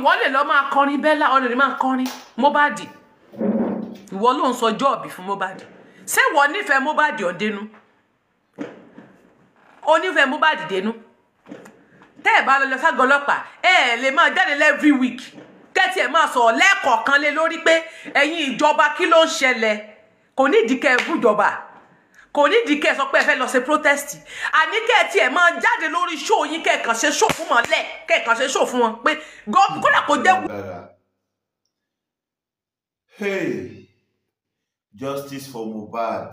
ìwọ lè lọ máa kọrin bẹ́lá ọ lè máa kọrin Mohbad ìwọ ló ń sọ jọ́ọ̀bì fún Mohbad ṣé ìwọ nífẹ̀ẹ́ Mohbad ọ̀dẹ́nu onífẹ̀ẹ́ Mohbad dẹ́nu tẹ́ ẹ̀ bá lọ lọ ságọ́ ọlọ́pàá ẹ ẹ̀ lè máa jáde every week kẹ́tì ẹ̀ máa sọ̀rọ̀ lẹ́ẹ̀kọ̀ọ̀kan lé lórí pé ẹ̀yin ìjọba kí ló ń ṣẹlẹ̀ kò nídìí kẹ́ ẹ bújọba kò nídìí kẹ́ ẹ sọ pé ẹ fẹ́ lọ ṣe protest àní kẹ́ ẹ tiẹ̀ máa jáde lórí ṣó yín kẹ́ ẹ kàn ṣe ṣó fún wọn lẹ̀ kẹ́ ẹ kàn ṣe ṣó fún wọn pé gọ́ọ̀bù kódà kò jẹ́. hey justice for Mohbad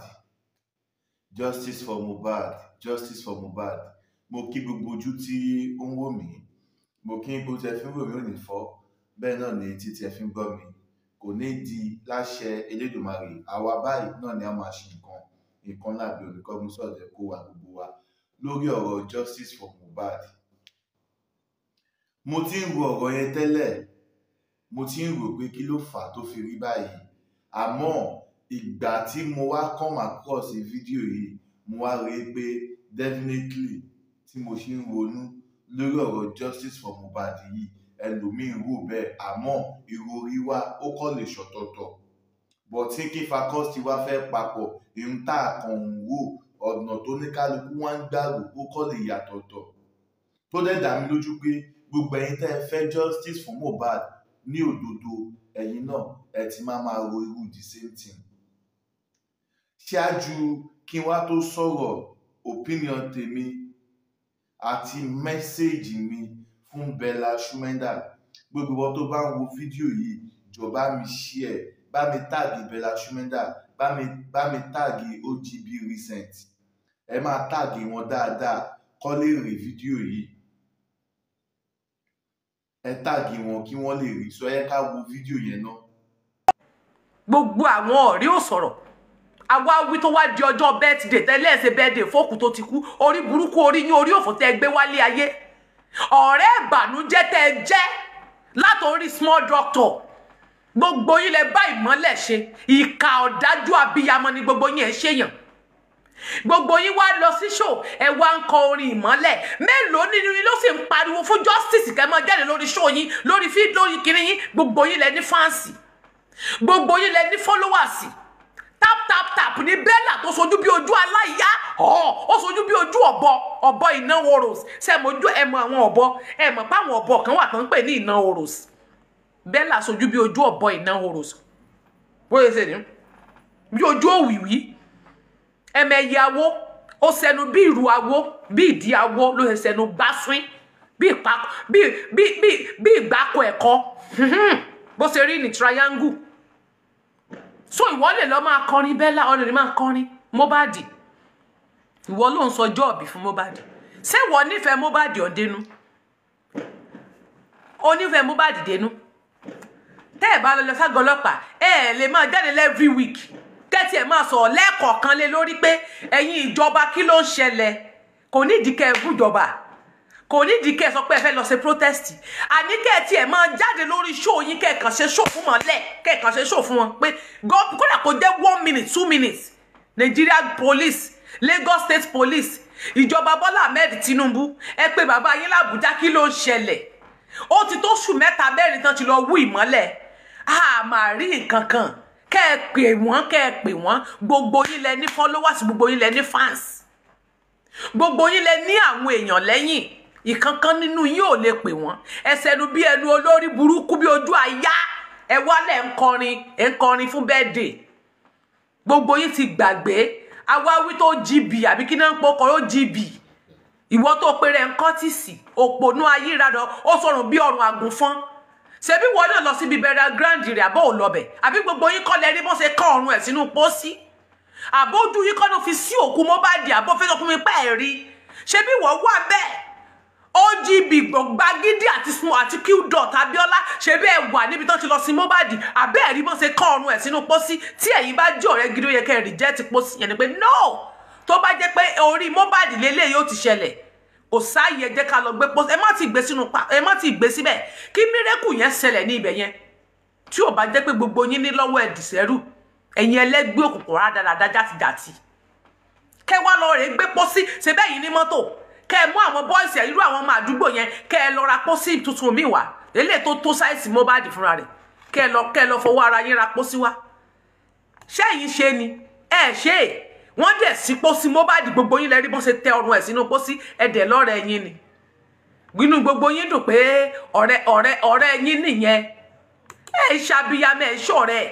justice for Mohbad justice for Mohbad mo kí gbogbo ojú tí ó ń wò mí mo kí gbogbo tí ẹ fi ń wò mí ò ní fọ́ bẹ́ẹ̀ náà ni títí ẹ fi ń gbọ́ mi kò ní di láṣẹ Elédùmarè àwa báyìí náà ni a máa ṣe nǹkan ìkànlábí olùkọ́gúnsọ̀dẹ̀ kó wa gbogbo wa lórí ọ̀rọ̀ justice for Mohbad mo ti ń ro ọ̀rọ̀ yẹn tẹ́lẹ̀ mo ti ń rò pé kí ló fà á tó fi rí báyìí àmọ́ ìgbà tí mo wá come across fídíò yìí mo wá rí i pé definitely tí mo ṣe ń ronú lórí ọ̀rọ̀ justice for Mohbad yìí ẹlòmíín rò bẹ́ẹ̀ àmọ́ ìròrí wa ó kọ́ lè ṣọ̀tọ̀ọ̀tọ̀ bọ̀ tí kífa cost wa fẹ́ papọ̀ ìhun tá a kàn ń wò ọ̀nà tó ní kálukú wá ń gbàgbó ó kọ́ lè yàtọ̀tọ̀ tó dẹ̀ dá mi lójú pé gbogbo ẹ̀yin tẹ́ ẹ fẹ́ justice fún Mohbad ní òdodo ẹ̀yin náà ẹ ti máa máa ro irú the same thing ṣáájú kí n wá tó sọ̀rọ̀ opinion tèmi àti mẹ́sáàgì mi fún Bella Shmurda gbogbo wọn tó bá ń wo fídíò yìí jọ̀ọ́ bá mi share bá mi táàgì bella shumenda bá mi bá mi táàgì ogb recent ẹ máa táàgì wọn dáadáa kọ́ lè rí fídíò yìí ẹ táàgì wọn kí wọ́n lè rí sọ ẹ ká wo fídíò yẹn náà. gbogbo àwọn ọ̀rẹ́ ò sọ̀rọ̀ àwa wí tó wá di ọjọ́ bẹ́tìdè tẹ́lẹ̀ ṣe bẹ́ẹ̀dè fóòkù tó ti kú orí burúkú orí yín orí òfò tẹ́ gbé wálé ayé ọ̀rẹ́ ìbànújẹ́ tẹ́ jẹ́ látòrí small doctor gbogbo yín lẹ bá ìmọ́lẹ̀ ṣe ìka ọ̀dájú abiyamọ ni gbogbo yín ẹ ṣèyàn gbogbo yín wá lọ sí ṣò ẹ wá ń kọ orin ìmọ́lẹ̀ mélòó nínú yín ló sì ń pariwo fún justice kẹ́ má jáde lórí ṣò yín lórí fí lórí kiri yín gbogbo yín lẹ ní fáǹsì gbogbo yín lẹ ní fọ́lọ́wàsì tap tap tap ní bẹ́là tó sojú bí ojú aláìyá ọ̀ ó sojú bí ojú ọ̀bọ ọ̀bọ ìnáwó rose ṣe é mọ ojú ẹ̀ mọ àwọn ọ̀bọ ẹ̀ mọ̀ pé àwọn ọ̀bọ kan wà tó ń pè ní ìnáwó rose bẹ́ẹ̀ là sojú bí ojú ọ̀bọ iná horò sùn bóyá ṣe ni bí ojú òwìwí ẹ̀mẹ̀yẹ awó ó sẹnu bí ìrù awó bí ìdí awó ló ṣe sẹnu gbásùn bí ìgbákò ẹ̀kọ́ bó ṣe rí ní triangle so ìwọ lè lọ máa kọrin bẹ́ẹ̀ là ọ̀nà ni máa kọrin Mohbad ìwọ ló ń sọ jọ́ọ̀bì fún Mohbad ṣé ìwọ nífẹ̀ẹ́ Mohbad ọ̀dẹ́nu onífẹ̀ẹ́ Mobadi dẹ́nu tẹ́ ẹ̀ bá lọ lọ ságọ́ ọlọ́pàá ẹ ẹ̀ lè máa jáde every week tẹ́tí ẹ̀ máa sọ̀rọ̀ lẹ́ẹ̀kọ̀ọ̀kan lé lórí pé ẹ̀yin ìjọba kí ló ń ṣẹlẹ̀ kò nídìí kẹ́ ẹ bújọba kò nídìí kẹ́ ẹ sọ pé ẹ fẹ́ lọ ṣe protest àní kẹ́ ẹ tiẹ̀ máa jáde lórí show yín kẹ́ ẹ kàn ṣe show fún wọn lẹ̀ kẹ́ ẹ kàn ṣe show fún wọn pé kódà kó jẹ́ one minute two minutes Nigeria police Lagos state police ìjọba Bọ́lá Ahmed Tinubu ẹ pé bàbá yín l'Àbújá kí ló ń ṣẹlẹ̀ ó ti tó oṣù mẹ́ta mẹ́rin tán ti lọ wú ìmọ́lẹ̀ a máa rí nǹkan kan kẹ́ ẹ pè wọ́n kẹ́ ẹ pè wọ́n gbogbo yín lẹ ní followers gbogbo yín lẹ ní fans gbogbo yín lẹ ní àwọn èèyàn lẹ́yìn ìkankan nínú yín ò lè pè wọ́n ẹsẹ̀ ẹnu bí ẹnu olórí burúkú bí ojú àyá ẹ wálẹ̀ ń kọrin ẹ ń kọrin fún birthday gbogbo yín ti gbàgbé awáwí tó jìbì àbí kí náà ń pọkọ ó jìbì ìwọ tó péré ń kọ́tìsì òpònú ayíradọ ó sọrùn bí ọrùn àgùnfọ́n ṣebí wọn náà lọ síbi bẹ̀rẹ̀ grand rẹ̀ àbọ̀ ò lọ bẹ̀ àbí gbogbo yín kọ́ lẹ rí bó ṣe kọ́ ọ̀run ẹ̀ sínú pósí àbó ojú yín kọ́ ló fi sí òkú Mohbad àbó fẹ́ sọkún mi pa ẹ̀ rí ṣebí wọ́n wà bẹ́ẹ̀ ogb gbàgídí àti àti qdot abiola ṣebí ẹ wà níbi tó ti lọ sí Mohbad àbẹ́ ẹ̀rí bó ṣe kọ́ ọ̀run ẹ̀ sínú pósí tí ẹ̀yin bá jẹ́ ọ̀rẹ́ gidi ó yẹ kẹ́ reject pósí yẹn ni pé no tó bá jẹ́ pé orí Mohbad lélẹ́yìí ó ti ṣẹlẹ̀ kò sáàyè jẹ́ ká lọ gbé pósí ẹ má ti gbé sínú pa ẹ má ti gbé síbẹ̀ kí mírẹ́kù yẹn ṣẹlẹ̀ ní ibẹ̀ yẹn tí ò bá jẹ́ pé gbogbo yín ní lọ́wọ́ ẹ̀dìsẹ́rù ẹ̀yin ẹlẹ́gbẹ́ òkùnkùn rádaràda játijàti kẹ́ wá lọ rèé gbé pósí ṣe bẹ́ẹ̀ yín ní mọ́tò kẹ́ ẹ mú àwọn bọ́ìsì irú àwọn ọmọ àdúgbò yẹn kẹ́ ẹ lọ ra pósí tuntun míì wá lélẹ̀ tó tó sáìsì Mohbad fúnra rẹ̀ kẹ́ ẹ lọ kẹ́ ẹ lọ fọwọ́ ara yín ra pósí wá ṣẹ́yìn ṣe ni ẹ wọ́n dẹ̀ sí pósí Mohbad gbogbo yín lẹ́rí bọ́n ṣe tẹ ọrùn ẹ̀ sínú pósí ẹ̀dẹ̀ lọ́rẹ̀ yín ni gbinú gbogbo yín dùn pé ọ̀rẹ́ ọ̀rẹ́ ọ̀rẹ́ yín nìyẹn ẹ̀ ń ṣàbíyamọ ẹ̀ ń ṣọ̀rẹ́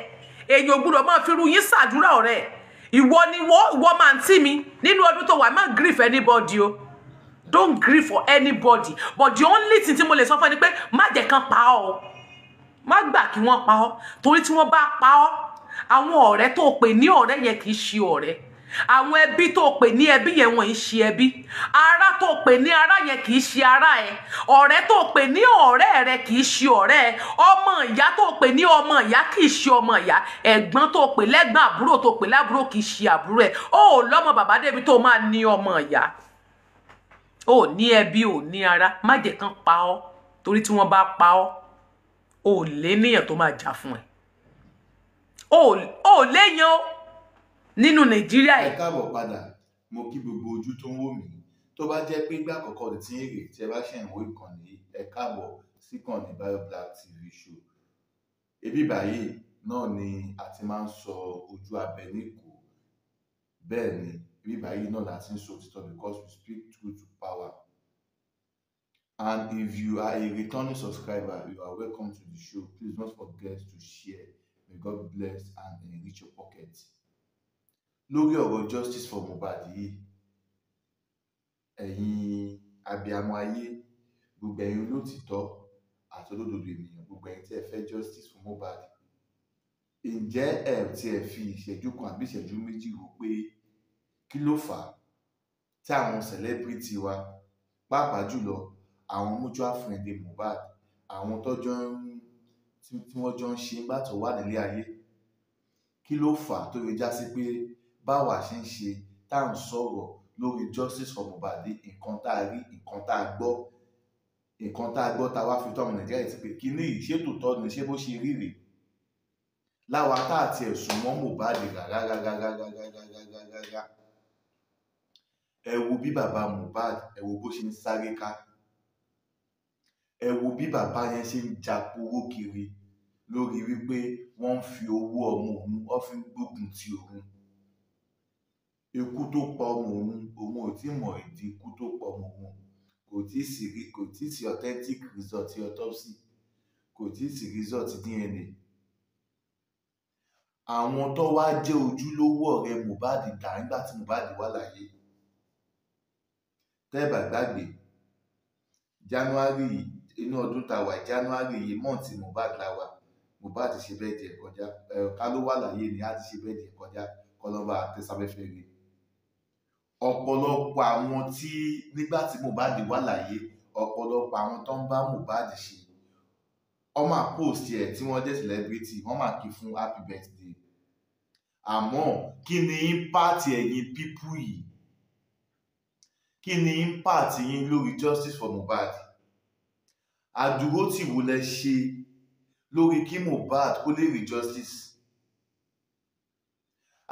èèyàn gbúdọ̀ máa fi irú yín ṣàdúrà ọ̀rẹ́ ìwọ ni wọ́n ìwọ máa ń tì mí nínú ọdún tó wà má grief anybody o don't grief for anybody but the only thing tí mo lè sọ fún ẹ ni pé má jẹ́ kán pa ọ́ má gbà kí wọ́n pa ọ́ torí tí wọ́n bá pa ọ́ àwọn ọ̀rẹ́ tó pè ní ọ̀rẹ́ yẹn kì í ṣe ọ̀rẹ́ àwọn ẹbí tó pè ní ẹbí yẹn wọn ń ṣe ẹbí ará tó pè ní ara yẹn kì í ṣe ará ẹ ọ̀rẹ́ tó pè ní ọ̀rẹ́ rẹ kì í ṣe ọ̀rẹ́ ẹ ọmọ ìyá tó pè ní ọmọ ìyá kì í ṣe ọmọ ìyá ẹ̀gbọ́n tó pè lẹ́gbọ́n àbúrò tó pè lábúrò kì í ṣe àbúrò ẹ o ò lọ́mọ bàbá débi tó máa ní ọmọ ìyá o ò ní ẹbí o ní ará má jẹ́ kán pa ọ́ torí tí wọ́n bá pa ọ́ o ò lé níyàn tó máa jà fún ẹ o ò léyàn o nínú nàìjíríà ẹ káàbọ̀ padà mo kí gbogbo ojú tó ń wò mí tó bá jẹ́ pé ìgbà àkọ́kọ́ rẹ̀ ń rè tí ẹ bá ṣe ìwé ìkànnì ẹ káàbọ̀ sí ìkànnì BioBlack TV show ebi báyìí náà ni a ti máa ń sọ ojú abẹ níkò bẹ́ẹ̀ ni ebi báyìí náà la ti ń sọ òtítọ́ because we speak truth to power and if you are a returning subscriber you are welcome to the show please don't forget to share may God bless and enrich your pocket lórí ọ̀rọ̀ justice for Mohbad yìí ẹ̀yin abiyamọ ayé gbogbo ẹ̀yin olótìtọ́ àti olódodo ènìyàn gbogbo ẹ̀yin tí ẹ fẹ́ justice for Mohbad ǹjẹ́ ẹ ti ẹ̀ fi ìṣẹ́jú kan àbí ìṣẹ́jú méjì rò pé kí ló fà á tí àwọn celebrity wa pàápàá jùlọ àwọn mutual friend Mohbad àwọn tọ́jọ́ tí wọ́n jọ ń ṣe nígbà tó wà nílé ayé kí ló fà á tó fi já sí pé báwa ṣe ń ṣe tá à ń sọ̀rọ̀ lórí justice for Mohbad nǹkan tá a rí nǹkan tá a gbọ́ nǹkan tá a gbọ́ tá a wá fi tó àwọn Nàìjíríà ti pé kí ní ìṣètò tọ́ ni ṣé bó ṣe rí rèé láwa tá àti ẹ̀sùn mọ́ Mohbad rárárárárárárárá ẹ wo bí bàbá Mohbad ẹ wo bó ṣe ń sáré ká ẹ wo bí bàbá yẹn ṣe ń japoró kiri lórí wípé wọ́n ń fi owó ọmọ òun wọ́n fi ń gbógun ti òun ikú tó pa ọmọ òun òun ò tí mọ̀ ìdí ikú tó pa ọmọ òun kò tí sì rí kò tí sì authentic result autopsy kò tí sì result DNA àwọn tó wá jẹ́ ojúlówó ọ̀rẹ́ Mohbad dà nígbà tí Mohbad wà láyé tẹ́ẹ̀bà gbàgbé January inú ọdún tá wà January yìí mọ́ǹtì Mohbad la wà Mohbad ti ṣe bẹ́ẹ̀ jẹ kọjá ká ló wà láyé ni a ti ṣe bẹ́ẹ̀ jẹ kọjá kọlọ́ba àtẹsáfẹ́fẹ́ rèé ọ̀pọ̀lọpọ̀ àwọn tí nígbà tí Mohbad wà láyé ọ̀pọ̀lọpọ̀ àwọn tó ń bá Mohbad ṣe wọ́n máa post ẹ̀ tí wọ́n jẹ́ celebrity wọ́n máa kí fún happy birthday àmọ́ kí ni impact ẹ̀yin pípú yìí kí ni impact yín lórí justice for Mohbad àdúró tí wo lẹ ṣe lórí kí Mohbad kó lè rí justice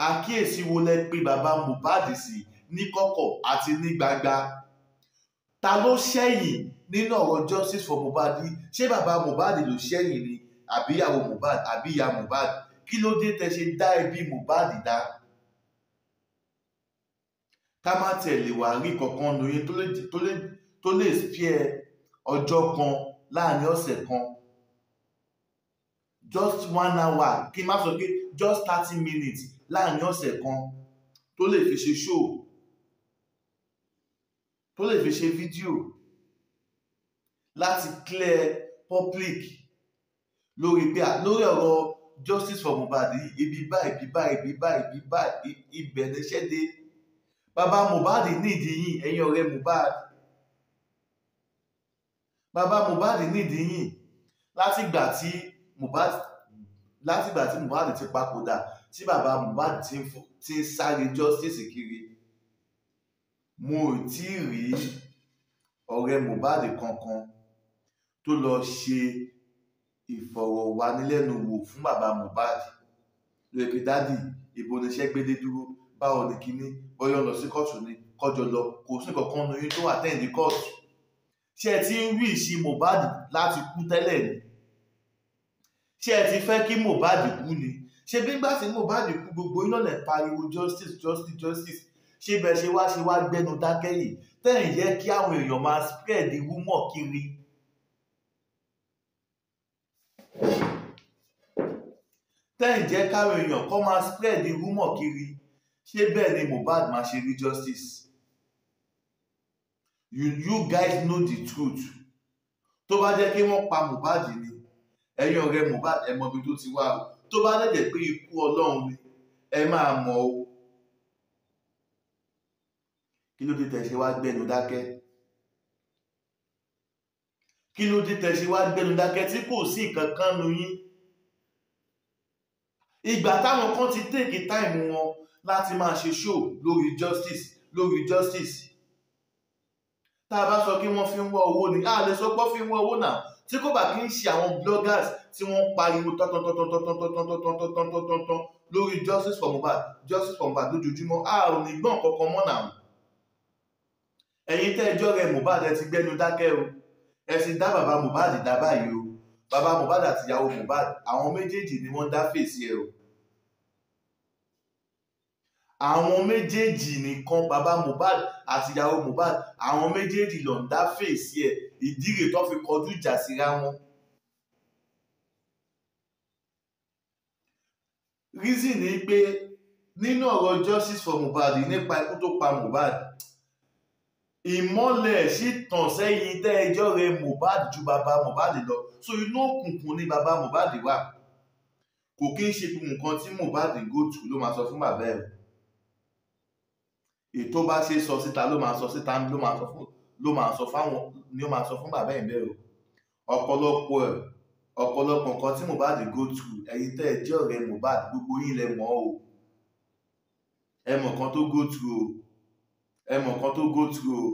àkíyèsí wo lẹ pé bàbá Mohbad sí si ní kọ̀kọ̀ àti ní gbangba ta ló ṣẹ̀yìn nínú ọ̀rọ̀ justice for Mohbad ṣé bàbá Mohbad ló ṣẹ̀yìn ni àbí ìyàwó Mohbad àbí ìyá Mohbad kí ló dé tẹ́ ṣe dá ẹbí Mohbad dá ká má tẹ̀lé wá rí kankan lóyún tó lè spear ọjọ́ kan láàrin ọ̀sẹ̀ kan just one hour kí n má sọ pé just thirty minutes láàrin ọ̀sẹ̀ kan tó lè fi ṣe ṣóò tó lè fi ṣe fídíò láti clear public lórí pé lórí ọ̀rọ̀ justice for Mohbad ibi báyìí ibi báyìí ibi báyìí ibi báyìí ibẹ̀ lẹ́sẹ̀ dé bàbá Mohbad nídìí yìí ẹ̀yin ọ̀rẹ́ Mohbad bàbá Mohbad nídìí yìí látìgbà tí Mohbad látìgbà tí Mohbad ti papòdà tí bàbá Mohbad ti ń sáré justice kiri mo ò tí ì rí ọ̀rẹ́ Mohbad kankan tó lọ ṣe ìfọ̀rọ̀wánilẹ́nuwò fún bàbá Mohbad lórí pé dádì ìbò oníṣẹ́ gbédé dúró báwo ni kíní bóyá lọ sí kóòtù ni kọjọ lọ kò sí kankan nu yín tó wà tẹ́ǹdì kóòtù ṣé ẹ ti ń rí ìṣí Mohbad láti kú tẹ́lẹ̀ ni ṣé ẹ ti fẹ́ kí Mohbad kú ni ṣé bí gbà tí Mohbad kú gbogbo iná lẹ̀ pariwo justice justice justice ṣé ṣe wá ṣe wá gbẹ́nu dákẹ́ yìí tẹ́yìn yẹ kí àwọn èèyàn máa spread rumor kiri. tẹ́yìn jẹ́ káwọn èèyàn kọ́ máa spread rumor kiri ṣé bẹ́ẹ̀ ni Mohbad máa ṣe rí justice. You, you guys know the truth tó bá jẹ́ kí wọ́n pa Mohbad ni ẹ̀yin ọ̀rẹ́ Mohbad ẹ tó ti wá o tó bá dẹ̀ jẹ́ pé ikú Ọlọ́run ni ẹ máa mọ̀ o kí ló dé tẹ̀ ṣe wá gbẹnu dákẹ́ kí ló dé tẹ̀ ṣe wá gbẹnu dákẹ́ tí kò sí kankan nu yín ìgbà táwọn kan ti take time wọn láti máa ṣe show lórí justice lórí justice tá a bá sọ kí wọ́n fi ń wá owó ni a lè sọ pé fi ń wá owó náà tí kò bá kí ń ṣe àwọn bloggers tí wọ́n ń pariwo tọ́tọ́tọ́tọ́tọ́tọ́tọ́tọ́tọ́tọ́tọ́ lórí justice for Mohbad justice for Mohbad lójoojúmọ́ a ò ní gbọ́n kankan mọ́ náà ẹ̀yin tẹ́ ẹjọ́ rẹ Mohbad ẹ ti gbẹ́nu dákẹ́ o ẹ ti dá bàbá Mohbad dá báyìí o bàbá Mohbad àtìyàwó Mohbad àwọn méjèèjì ni wọ́n dá fèsì ẹ o àwọn méjèèjì nìkan bàbá Mohbad àtìyàwó Mohbad àwọn méjèèjì ló ń dá fèsì ẹ ìdí rẹ̀ tó fi kọjú ìjà síra wọn. reason ni pé nínú ọ̀rọ̀ justice for Mohbad nípa ikú tó pa Mohbad ìmọ́lẹ̀ sì tàn sẹ́yìn tẹ́ ẹjọ́ rẹ Mohbad ju bàbá Mohbad lọ so inú òkùnkùn ni bàbá Mohbad wà kò kí ń ṣe gbogbo nǹkan tí Mohbad go to ló máa sọ fún bàbá ẹ̀ ètò bá ṣe sọ síta ló máa sọ síta ló máa sọ fún ló máa sọ fáwọn ni ó máa sọ fún bàbá ẹ̀ bẹ́ẹ̀ o ọ̀pọ̀lọpọ̀ ẹ̀ ọ̀pọ̀lọpọ̀ nǹkan tí Mohbad go to ẹ̀yin tẹ́ ẹjọ́ rẹ Mohbad gbogbo yín lẹ mọ̀ o ẹ mọ̀ kan tó go to o ẹ mọ̀ kan tó go through o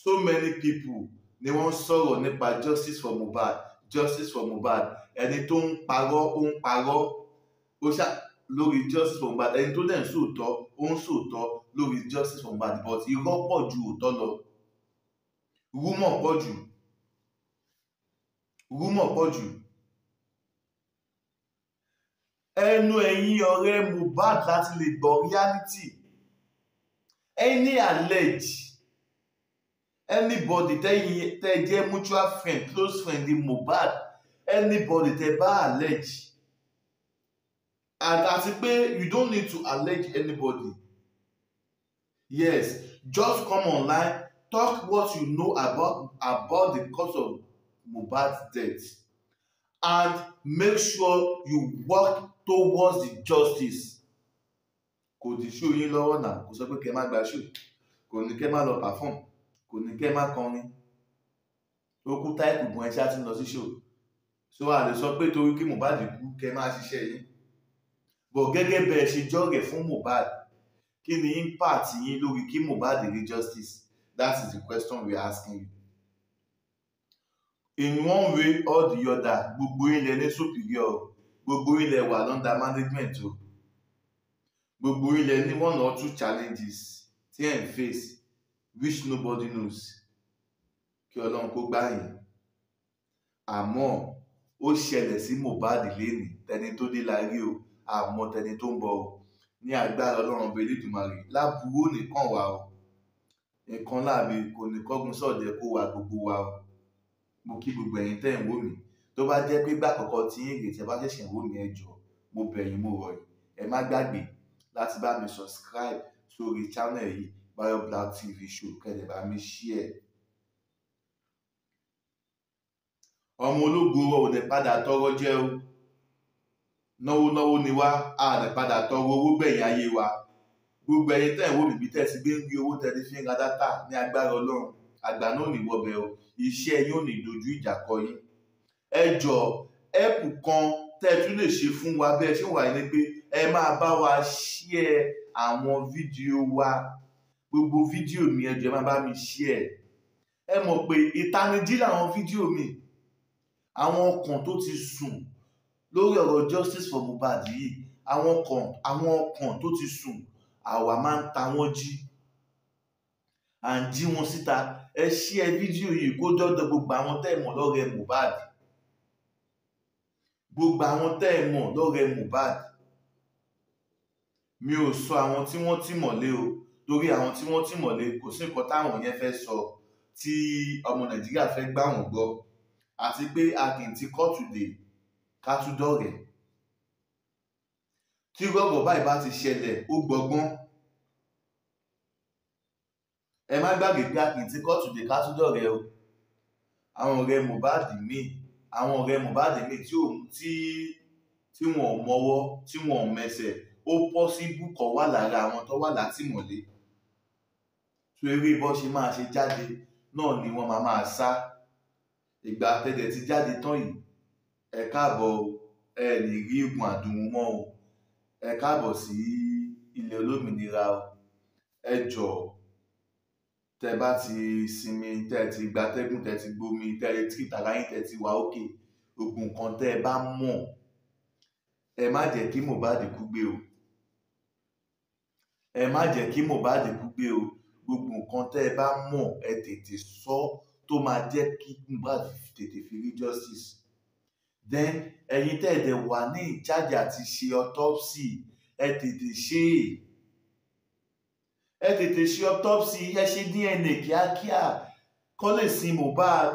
so many people ni wọ́n sọ̀rọ̀ nípa justice for Mohbad justice for Mohbad ẹni tó ń parọ́ ó ń parọ́ ó ṣá lórí justice for Mohbad ẹni tó dẹ̀ ń sòótọ́ ó ń sòótọ́ lórí justice for Mohbad but irọ́ pọ̀ ju òótọ́ lọ rúmọ̀ pọ̀ jù rúmọ̀ pọ̀ jù ẹnu ẹ̀yìn ọ̀rẹ́ Mohbad láti lè gbọ́ reality any allege anybody tẹ́yìn tẹ́ jẹ́ mutual friend close friend Mohbad anybody tẹ́ bad allege and as àti pé you don't need to allege anybody yes just come online talk what you know about about the cause of Mohbad's death and make sure you work towards the justice kò dì ṣú yín lọ́wọ́ náà kò sọ pé kẹ́ má gba ṣù kò ní kẹ́ má lọ pàfọ́m kò ní kẹ́ má kọrin ó kú táìpù gan ẹ ṣáà ti ń lọ sí ṣò so a lè sọ pé torí kí Mohbad kú kẹ́ má ṣiṣẹ́ yín bọ̀ gẹ́gẹ́ bẹ́ẹ̀ ṣe jọ́ọ̀gẹ̀ fún Mohbad kí ni impact yín lórí kí Mohbad rí justice that is the question we are asking you in one way or the other gbogbo ilẹ̀ ní superior gbogbo ilẹ̀ wà lọ́ndà management o. Oh gbogbo yín ní one or two challenges tí ẹ̀ ń face which nobody knows kí ọlọ́run kó gbà yín àmọ́ ó ṣẹlẹ̀ sí Mohbad lẹ́nìí tẹni tó dé la rí o àmọ́ tẹni tó ń bọ̀ o ní agbára ọlọ́run bíi elédùnmarè láburú nìkan wà o nǹkan láàbí kò ní kọ́gun sọ̀dẹ̀ kó wa gbogbo wa o mo kí gbogbo ẹ̀yin tẹ́ ń wò mí tó bá jẹ́ pé gbà kọ̀ọ̀kan tí ń ẹ bá ṣẹ̀ṣẹ̀ wò mí ẹ jọ̀ọ́ mo bẹ̀ yín mo rọ̀ yín ẹ má gbàgbé láti bá mi subscribe sórí channel yìí Bayo Black TV Show kẹ́lẹ̀ bá mi share. ọmọ ológo wa ò lè padà tọrọ jẹ o náwó náwó ni wá a lè padà tọrọ owó gbẹ̀yìn ayé wa gbogbo ẹyin tẹ́ ẹ̀ wò bìbí tẹ́ ẹ ti gbé ń gbé owó tẹ́ fi ń ra dátà ní agbára ọlọ́run àgbà náà ní wọbẹ̀ o iṣẹ́ yín ò ní dojú ìjà kọ yín ẹ jọ ẹ̀pù kan tẹ́ ẹ tún lè ṣe fún wa bẹ́ẹ̀ ṣé wà ní pé ẹ máa bá wa share àwọn fídíò wa gbogbo fídíò mi ẹ jọ̀ọ́ ẹ máa bá mi share ẹ mọ̀ pé ìtanijí làwọn fídíò mi àwọn ọkàn tó ti sùn lórí ọ̀rọ̀ justice for Mohbad yìí àwọn ọkàn àwọn ọkàn tó ti sùn àwa máa ń ta wọ́n jí à ń jí wọn síta ẹ share fídíò yìí kó dọ́dọ̀ gbogbo àwọn tẹ́ ẹ mọ̀ lọ́rẹ̀ Mohbad gbogbo àwọn tẹ́ ẹ mọ̀ lọ́rẹ̀ Mohbad mi ò sọ àwọn tí wọ́n tì mọ́lé o torí àwọn tí wọ́n tì mọ́lé kò sí nǹkan táwọn yẹn fẹ́ sọ tí ọmọ nàìjíríà fẹ́ gbà wọ́n gbọ́ àti pé a kì í ti kóòtù dè ká tún dọ̀rẹ́ tí rọ́bọ̀ báyìí bá ti ṣẹlẹ̀ ó gbọgbọ́n ẹ má gbàgbé pé a kì í ti kóòtù dè ká tún dọ̀rẹ́ o àwọn ọ̀rẹ́ Mohbad míì àwọn ọ̀rẹ́ Mohbad míì tí wọn ò mọwọ́ tí wọn ò mẹsẹ̀ ó pọ́síbù kọ́ wà lára àwọn tó wà látìmọ́lé tó eré bọ́ ṣe máa ṣe jáde náà ni wọ́n máa máa sá ìgbà tẹ̀dẹ̀ ti jáde tán yìí ẹ káàbọ̀ ẹ lè rí oògùn àdùnmú mọ́ o ẹ káàbọ̀ sí ilẹ̀ olómìnira o ẹ jọ̀ọ́ tẹ bá ti sinmi tẹ ti gbatẹ́gùn tẹ ti gbomi tẹ ti ìtara yín tẹ ti wà òkè oògùn kan tẹ ẹ bá mọ̀ ẹ má jẹ́ kí Mohbad kú gbé o ẹ má jẹ́ kí Mohbad kúgbe o gbogbo nǹkan tẹ́ ẹ bá mọ̀ ẹ tètè sọ tó máa jẹ́ kí Mohbad tètè fi rí justice then ẹ̀yin tẹ́ ẹ dẹ̀ wà ní ìjáde àti ṣe autopsy ẹ tètè ṣe é ẹ tètè ṣe autopsy ẹ ṣe DNA kíákíá kó lè sin Mohbad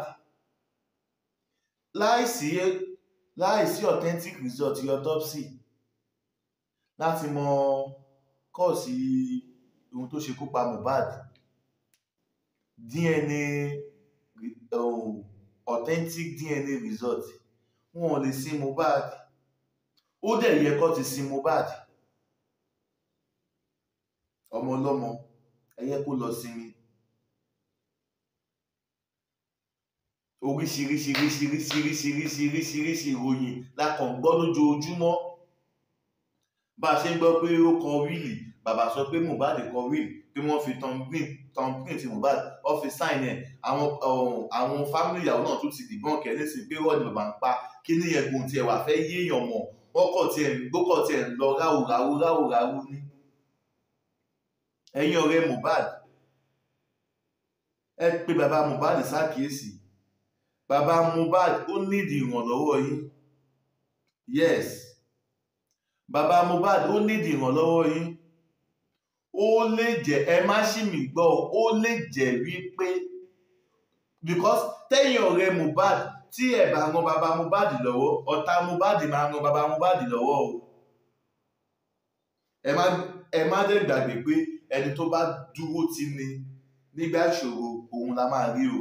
láìsí láìsí authentic result autopsy láti mọ. Mo kọ́ọ̀sì ohun tó ṣekú pa Mohbad DNA um, authentic DNA result wọn ò lè sin Mohbad ó dẹ̀ yẹ kó ti sin Mohbad ọmọ ọlọ́mọ ẹyẹ kó lọ sinmi oríṣiríṣiríṣiríṣiríṣiríṣiríṣiríṣi ìròyìn la kàn gbọ́ lójoojúmọ́ bá a ṣe ń gbọ́ pé ó kọ wíìlì bàbá sọ pé Mohbad kọ wíìlì pé wọ́n fi tọ̀npìn ti Mohbad wọ́n fi sáìn ẹ̀ àwọn um, fámìlì ìyàwó náà tún ti dìbọn kẹ́ ní sìn pé wọ́n ní bàbá ń pa kí ní ẹ̀gbọ́n tiẹ̀ wà fẹ́ yéèyàn mọ̀ wọ́n kọ̀ tiẹ̀ gbókọ̀ tiẹ̀ ń lọ ráwùráwù ráwùráwù ní. ẹ̀yin ọ̀rẹ́ Mohbad ẹ pé bàbá Mohbad ṣàkíyèsí bàbá Mohbad ó nídìí ìrànlọ́wọ́ yín yes bàbá Mohbad ó nídìí ìrànlọ́wọ́ yín ó lè jẹ́ ẹ má ṣì mí gbọ́ ó lè jẹ́ wípé because tẹ́yìn ọ̀rẹ́ Mohbad tí ẹ bá ran bàbá Mohbad lọ́wọ́ ọ̀tá Mohbad máa ran bàbá Mohbad lọ́wọ́ o ẹ má ẹ má dẹ̀ gbàgbé pé ẹni tó bá dúró ti ni nígbà ìṣòro òun la máa rí o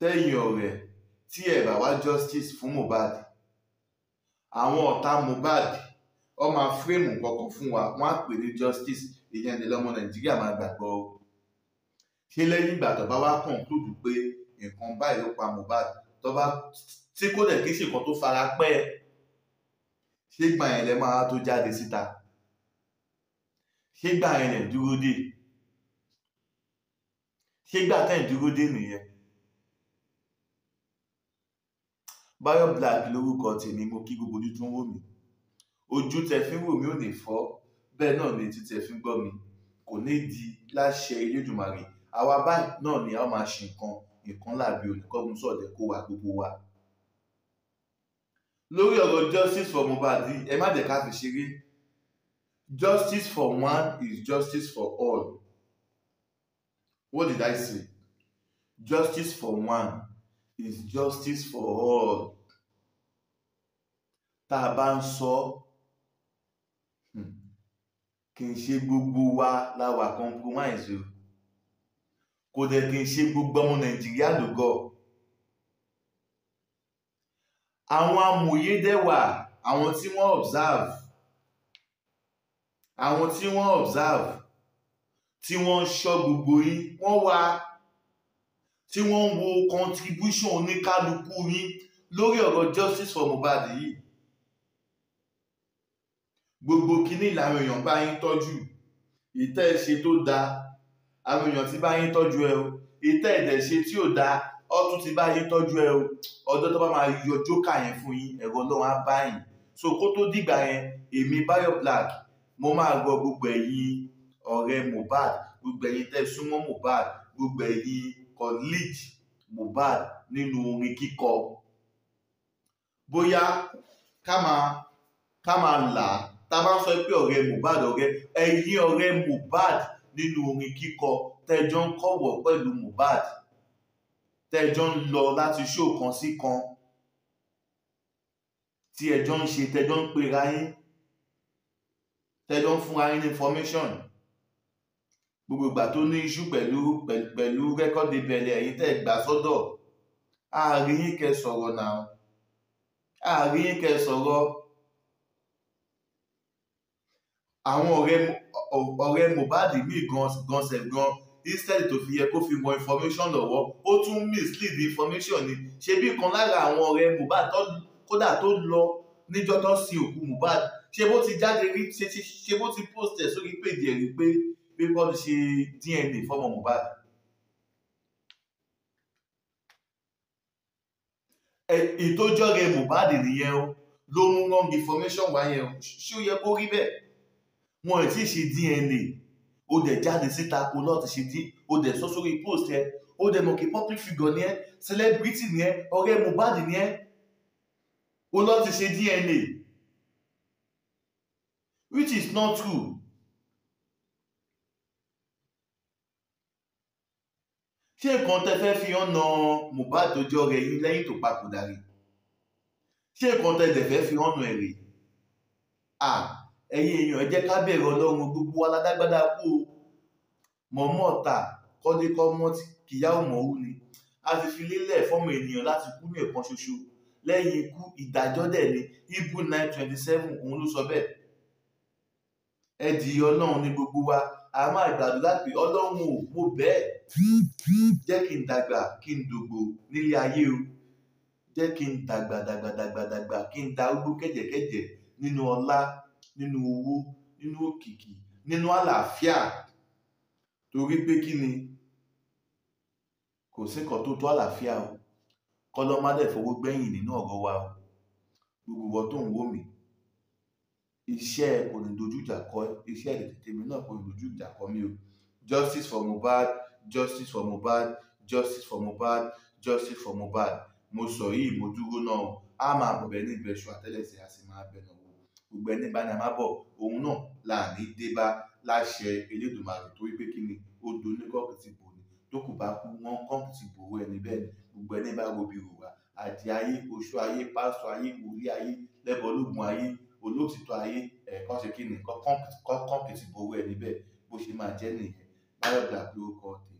tẹ́yìn ọ̀rẹ́ tí ẹ bá wá justice fún Mohbad àwọn ọ̀tá Mohbad wọ́n máa fírémù kọ̀ọ̀kan fún wa wọ́n á pè ní justice ìyẹn ni lọ́mọ Nàìjíríà máa gbàgbọ́ o ṣé lẹ́yìn ìgbà tó bá wá conclude pé nǹkan báyìí ló pa Mohbad tó bá tí kò dẹ̀ kí ṣe nǹkan tó fara pẹ́ ẹ̀ ṣé gbà yẹn lẹ máa tó jáde síta ṣé gbà yẹn lẹ dúró dè ṣé gbà tẹ̀ dúró dè nìyẹn Báyọ̀ Black lórúkọ tèmi mo kí gbogbo ojú tó ń wò mí ojú tẹ fi ń wò mí ò ní fọ́ bẹ́ẹ̀ náà ni etí tẹ fi ń gbọ́ mi kò ní di láṣẹ Elédùmarè àwa báyìí náà ni a ó máa ṣe nǹkan nǹkan làbí oníkọ́gun sọ̀dẹ̀ kó wa gbogbo wa. lórí ọ̀rọ̀ justice for Mohbad ẹ má jẹ́ ká fi ṣeré justice for one is justice for all what did I say justice for one is justice for all tá a bá ń sọ hmm, kì í ṣe gbogbo wa la wà compromise o kò dẹ̀ kì í ṣe gbogbo ọmọ nàìjíríà ló gọ̀ àwọn amòye dẹ̀ wà àwọn tí wọ́n observe àwọn tí wọ́n observe tí wọ́n ń ṣọ́ gbogbo yín wọ́n wà tí wọ́n ń wo contribution oníkálukú yín lórí ọ̀rọ̀ justice for Mohbad yìí gbogbo kínní làwọn èèyàn bá yín tọ́jú ìtẹ́ ẹ ṣe tó dáa àwọn èèyàn ti bá yín tọ́jú ẹ o ìtẹ́ ẹ̀dẹ̀ ṣe tí ò dáa ọtún ti bá yín tọ́jú ẹ o ọjọ́ tó bá máa yọ jókà yẹn fún yín ẹ̀rọ náà á bá yín so kó tó dìgbà yẹn èmi Bayo Black mo máa gbọ́ gbogbo ẹ̀yin ọ̀rẹ́ Mohbad gbogbo ẹ̀yin tẹ́ súnmọ́ Mohbad gbogbo ẹ̀yin colleague Mohbad nínú orin kíkọ bóyá ká máa ká máa là á tá a bá sọ pé ọ̀rẹ́ Mohbad ọ̀rẹ́ ẹ̀yin ọ̀rẹ́ Mohbad nínú orin kíkọ tẹ́jọ́ ń kọ̀wọ̀ pẹ̀lú Mohbad tẹ́jọ́ ń lọ láti ṣó kan sí kan tí ẹjọ́ ń ṣe tẹ́jọ́ ń pera yín tẹ́jọ́ ń fún ara yín information gbogbo ìgbà tó ní iṣu pẹ̀lú pẹ̀lú rẹ́kọ́dì bẹ̀lẹ̀ ẹ̀yìn tẹ́ gbà sọ́dọ̀ àárín yín kẹ́ sọ̀rọ̀ náà àárín yín kẹ́ sọ̀rọ̀ àwọn ọ̀rẹ́ Mohbad míì gan sẹ̀ gan instead tó fi yẹ kó fi mọ information lọ́wọ́ ó tún mislead information ni ṣebí kan lára àwọn ọ̀rẹ́ Mohbad kódà tó lọ níjọ́ tó sin òkú Mohbad ṣe bó ti jáde rí ṣe bó ti post ẹ̀ sórí péjì ẹ̀ rí pé pé bọ́ọ̀lù ṣe DNA fọ́mọ Mohbad ìtójọ́rẹ̀ Mohbad nìyẹn o ló mú wrong information wáyẹn o ṣé ó yẹ kó rí bẹ́ẹ̀ wọn ì ṣe DNA ó dẹ̀ jáde síta kó náà ti ṣe dí ó dẹ̀ sọ sórí post ẹ ó dẹ̀ mọ̀ kí public figure ni ẹ celebrity ni ẹ ọ̀rẹ́ Mohbad ni ẹ ó lọ́ọ́ ti ṣe DNA which is not true ṣé nǹkan tẹ fẹ́ fi hàn Mohbad tó jọ rẹ̀ yín lẹ́yìn tó papòdà rẹ̀ ṣé nǹkan tẹ dẹ̀ fẹ́ fi hàn ẹ̀ rẹ̀ à ẹ̀yin èèyàn ẹ jẹ́ ká bẹ̀rù ọlọ́run gbogbo aládágbádá kú o mọ̀mọ́ ọ̀tà kọ́dékọ́mọ́ kìyá òmòwú ni a ti fi lélẹ̀ fọ́mọ ènìyàn láti kú ní ẹ̀kan ṣoṣo lẹ́yìn ikú ìdájọ́ dẹ̀ ni Hebrew nine twenty seven òun ló sọ bẹ́ẹ̀ ẹ dìí ọlọ́run ní gbogbo wa a máa gbàdúrà pé ọlọ́run ò mo bẹ́ẹ̀ jẹ́ kí n dàgbà kí n dògbò nílé ayé o jẹ́ kí n dàgbà dàgbà dàgbà dàgbà kí n darúgbó kẹ̀jẹ̀kẹ̀jẹ̀ nínú ọlá nínú owó nínú òkìkí nínú àlàáfíà torí pé kí ni kò sí nǹkan tó tó àlàáfíà o kọ́lọ́ fowó gbẹ̀yìn nínú ọ̀rọ̀ wa o gbogbo wọn tó ń wò mí iṣẹ́ kò ní dojú ìjà kọ iṣẹ́ ìdètè náà kò ní dojú ìjà kọ mi o justice for Mohbad justice for mohbad justice for mohbad justice for mohbad mo sọ yìí mo dúró náà a máa bọ̀bẹ̀ ní ìbẹ̀ṣù àtẹ́lẹsẹ̀ a sì máa bẹ̀nà wò gbogbo ẹni bá ní a máa bọ̀ òun náà là ní débá láṣẹ elédùnmarè tó wípé kí ni odò oníkọ́ọ̀kì ti bò ní tó kù bá kú wọn kọ́ọ̀kì ti bò wọ ẹni bẹ́ẹ̀ gbogbo ẹni bá wo bí wòwá àdí ayé oṣù ayé pásọ ayé wòlí ayé lẹ́bọ̀ọ́lógún ayé olóòtítọ́ ayé ẹ̀kọ́ ṣe kí ni kọ́ọ̀kì ti bò wọ ẹni bẹ́ẹ̀ bó ṣe máa jẹ́ nìyẹn báyọ̀ gbà pé ó kọ́ ọ́